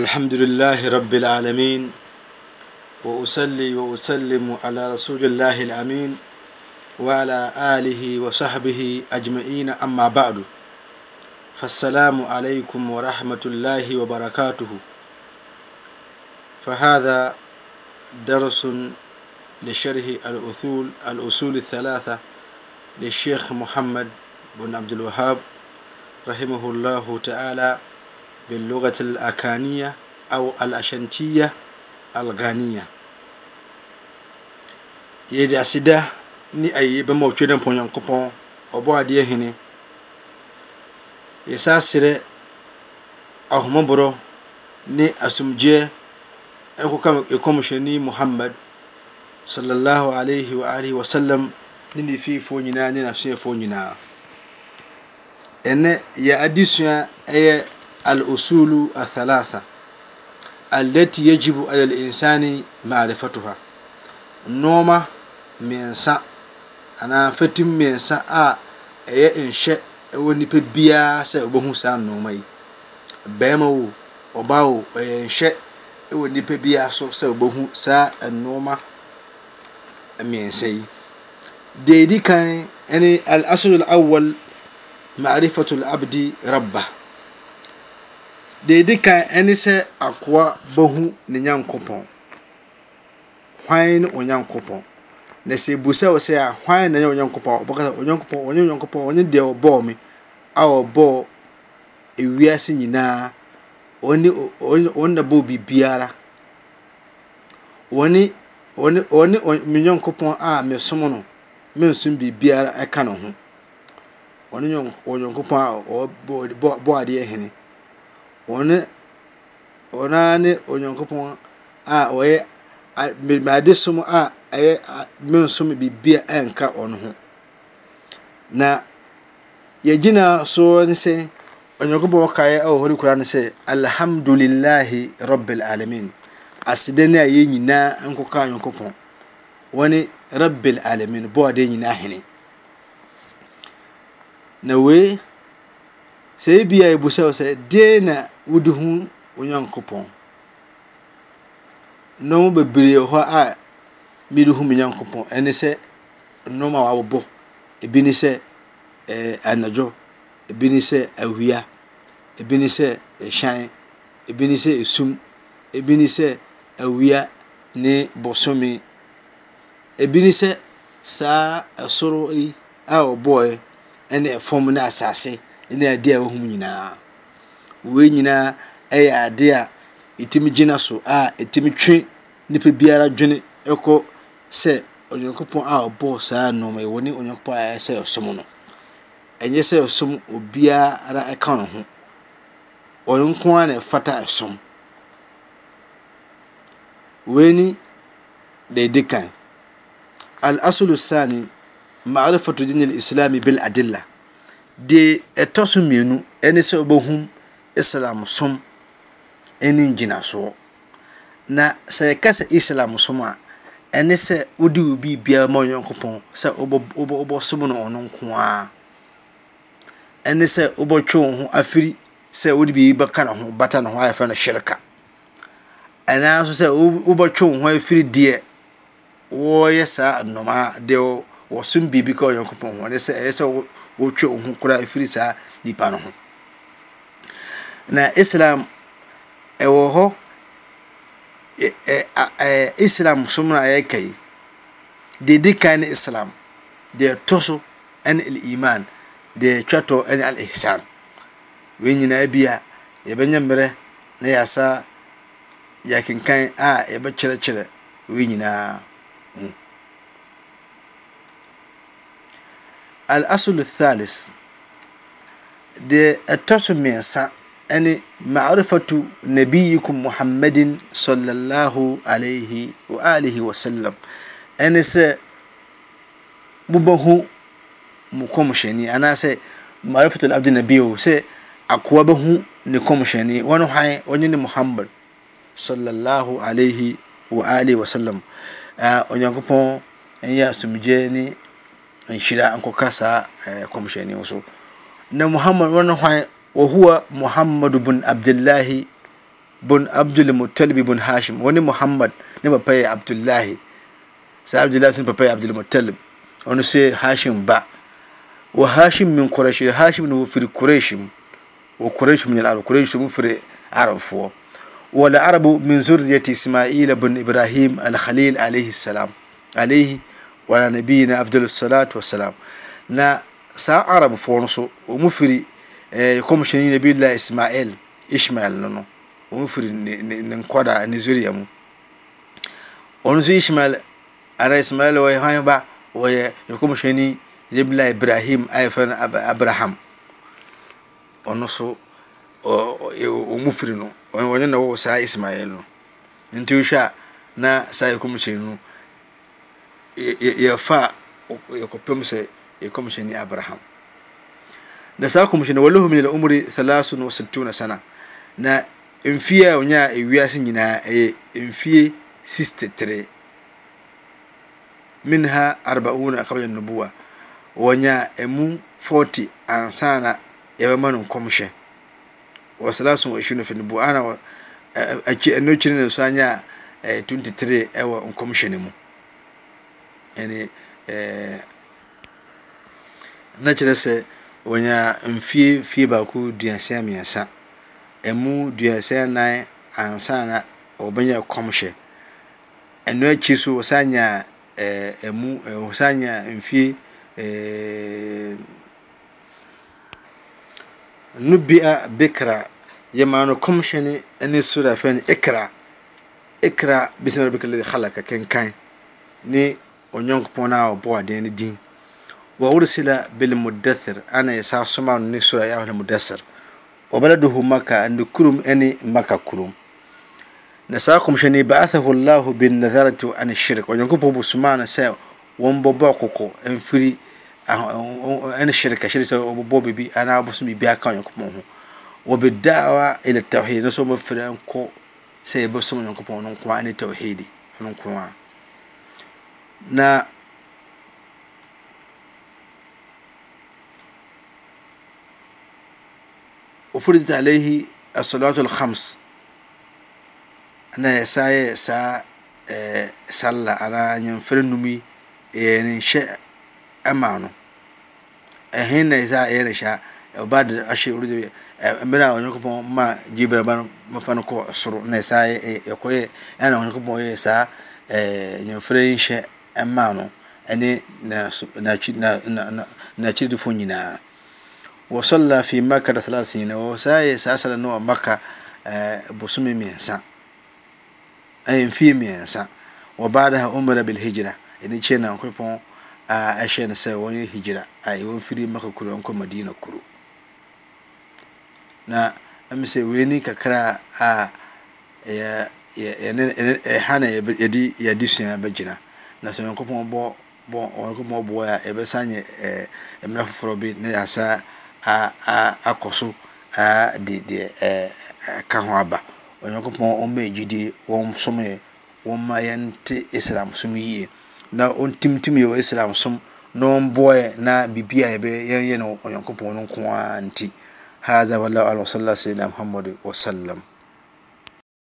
الحمد لله رب العالمين وأسلي وأسلم على رسول الله الأمين وعلى آله وصحبه أجمعين أما بعد فالسلام عليكم ورحمة الله وبركاته فهذا درس لشرح الأصول الأصول الثلاثة للشيخ محمد بن عبد الوهاب رحمه الله تعالى باللغة الأكانية أو الأشنتية الغانية يدي أسيدا ني أي بمو تشيدن بون ينقبون أبو عدية هنا يساسر أو برو ني أسومجي أكو كم شني محمد صلى الله عليه وآله وسلم ني في فونينا ني نفسي فونينا إن يا addition إي asul atalata alati yagibu lalinsan marifatha nua s aims y w ia biasbsanai a a w anmsek alsl wal mariat lbdi aba Deɛ ɛdi kan ne sɛ akoa bɛhu ne nyankopɔn. Hwan ne onyankopɔn? Na sɛ ebusa wo sɛ a ah, hwan na ɛyɛ onyankopɔn a wɔbɛka sɛ onyankopɔn ɔnyɛ onyankopɔn ɔnyɛ deɛ ɔbɔɔ me a ɔbɔɔ ewiase nyinaa. Ɔne ɔne ɔne na bɔɔ biribiara. Ɔne ɔne ɔne me nyankopɔn a mesom no mensom biribiara ɛka ne ho. Ɔne onyankopɔn a ɔbɔɔ bɔɔ adeɛ hene. wɔne wɔn ara ne onyankopɔn a ah, wɔyɛ ah, mmade som a ah, ɛyɛ mensom biribia ɛnka ɔno ho na yɛgyina so ne sɛ onyankopɔn oh, ɔkaeɛ ɛwɔ hɔ ne kora no sɛ alhamdulilahi rabbil alamin asedɛ ne a yɛ nyinaa nkɔka onyankopɔn wɔne rabbil alamin bɔɔde nyinaa hene na wei sɛ ebi a ebusa wo sɛ deɛ na wode ho onyankopɔn nneɛma bebree hɔ a mede ho me nyankopɔn ɛne sɛ nneɛma a wɔabobɔ ebi ne sɛ ɛɛ eh, anadwo ebi ne sɛ awia ebi ne sɛ ɛhyɛn ebi ne sɛ esum ebi ne sɛ awia ne bɔsɔmi ebi ne sɛ saa ɛsoro yi a wɔbɔɔ ɛne ɛfam ne asase ne adeɛ a wɔhum nyinaa wei nyinaa yɛ adeɛ a ɛtumi gyina so a ɛtumi twe nipa biara dwene ɛkɔ sɛ onyankopɔn a ɔbɔɔ saa nneɛma ɛwɔ ne onyankopɔn a ɛyɛ sɛ ɔsom no ɛnyɛ sɛ ɔsom obiara ɛka ne ho ɔno ara na ɛfata ɛsom wei ni da ɛdi kan al asulu sani ma'arifatu din al islami bil adilla de ɛtɔ so mmienu ne sɛ wobɛhu islam som ne soɔ Na sɛ yɛka sɛ islam som a, ɛne sɛ wode wo biribiara ma Onyankopɔn sɛ wobɛsom no ɔno nko ara. Ɛne sɛ wobɛtwe wo ho afiri sɛ wode biribi bɛka ne ho bata ne ho a yɛfrɛ no hyirika. Anaa nso sɛ wobɛtwe wo ho afiri deɛ wɔreyɛ saa nnomaa deɛ wɔsom biribi ka Onyankopɔn ho ɛne sɛ ɛyɛ sɛ islam ɛwɔ hɔ islam so mna ayɛka yi de de kan ne islam deɛ tɔ so ne liman deɛ twa tɔ ne alihsan ei nyinaa bia yɛbɛnyɛ mmerɛ na yɛasa yakenkan a ybɛ kyerɛkyerɛ wei nyinaa alasle thalit de tɔ so mɛɛsa ani marifatu nabiyicum muhamadin sll wi wasalam ani sɛ mu bahu mu kɔmehɛni ana sɛ marifat labdi nabiyaho sɛ akoa bahu ne kɔme hɛni wan ha anyane muhamad s w wasaam nk pɔ nya someyeni nhyira nkɔka saa kɔmhyɛni so na muhammad wɔn hwan wɔhuwa muhammad bun abdullahi bun abdul mutalibi bun hashim wɔne muhammad ne papa yɛ abdullahi saa abdullahi ne papa yɛ abdul mutalib ɔno sɛ hashim ba wa hashim min quraish hashim ne wɔfiri quraish mu wa quraish min al-arab quraish mu firi arabfoɔ wal arabu min zurriyati isma'il bin ibrahim al-khalil alayhi salam alayhi wala nabiyina afdalu salatu wassalam na sa arab no so ɔmu firi eh, kɔmhyɛni nabiyullah ismail ismail no no ɔmu firi ne nkɔda ne mu ɔno so ishmael ana ismail ba wɔyɛ kɔmhyɛni nabiyullah ibrahim a yɛfrɛ no abraham ɔno so e, ɔmu firi no ɔnyɛ na wo sa ismail no nti wohwɛ a na saa no yɛfa yɛkɔpem sɛ yɛ kɔmhyɛni abraham na saa kɔmhyɛni walahu min alumri thalathun wa sittuna sana na mfie a ɔnya ewiase nyinaa ɛyɛ mfie 63 minha arbauna qabla nubuwa wɔnya ɛmu 40 ansa na yɛbɛma no nkɔmhyɛ wa thalathun wa ishiruna fi nubuwa ana akyi ɛno kyerɛ ne so anya 23 ɛwɔ nkɔmhyɛ mu ɛne ɛɛ na kyerɛ sɛ wɔnya mfie fie baako duasia mmiɛnsa ɛmu duasia nan ansa na wɔbɛnya kɔmhyɛ ɛno akyi so wɔsan nya ɛɛ ɛmu ɛɛ wɔsan nya mfie ɛɛ nubia bikra yɛmaa no kɔmhyɛ ne ɛne sura fɛn ikra ikra bisimilabikra lɛ halaka kenkan ne. onyankopɔn a ɔbɔ adeɛ no din وأرسل بالمدثر أنا يسع سما نسورة يا أهل المدثر وبلده مكة أن كرم أني مكة كرم نساكم شني بعثه الله بالنذرة عن الشرك ونكون بابو سما نسا ومبابوكوكو أنفري أن الشركة شركة وبابو بي أنا أبو سمي بياكا ينكمونه وبالدعوة إلى التوحيد نسوم فرانكو سيبو سما ينكمونه نكمع أن التوحيدي نكمع na ufuridat alayhi aلصalawat اlhams ana saye saa eh, salla ana yanfere numi yene shɛ no ɛhin na saa yɛne sha eh, bada ashir uridi eh, mena onyankopɔn ma jibra ba mafa no kɔ soro na saa yɛkɔyɛ ɛna onyankopɔn yɛ saa yanfere yi ɛma no ɛne n'akyiridifoɔ nyinaa wɔsɔla fi maka da salasin na wɔwɔ yɛ saa sala no wɔ maka bosome mmiɛnsa ɛyɛ mfie mmiɛnsa wɔbaa da ha umra bil hijra ɛne kyɛ na nkwepɔn a ɛhyɛ no sɛ wɔyɛ hijira. a ɛwɔ maka kuro nkɔ madina kuro na ɛmi sɛ weeni kakra a ɛyɛ ɛha na yɛde yɛde sua bɛgyina na sɛ onyankopɔn bɔ bɔ onyankopɔn bɔ a yɛbɛsa nyɛ ɛɛ mmerɛ foforɔ bi na yɛasa a a akɔ so a de deɛ ɛɛ ɛka ho aba onyankopɔn ɔmma gyidie wɔn some wɔmma yɛnte islam som yie na ɔntimtim yɛ wɔ islam som na ɔmboɛ na biribi a yɛbɛyɛyɛ no onyankopɔn no nko ara nti هذا والله اعلم وصلى الله سيدنا محمد وسلم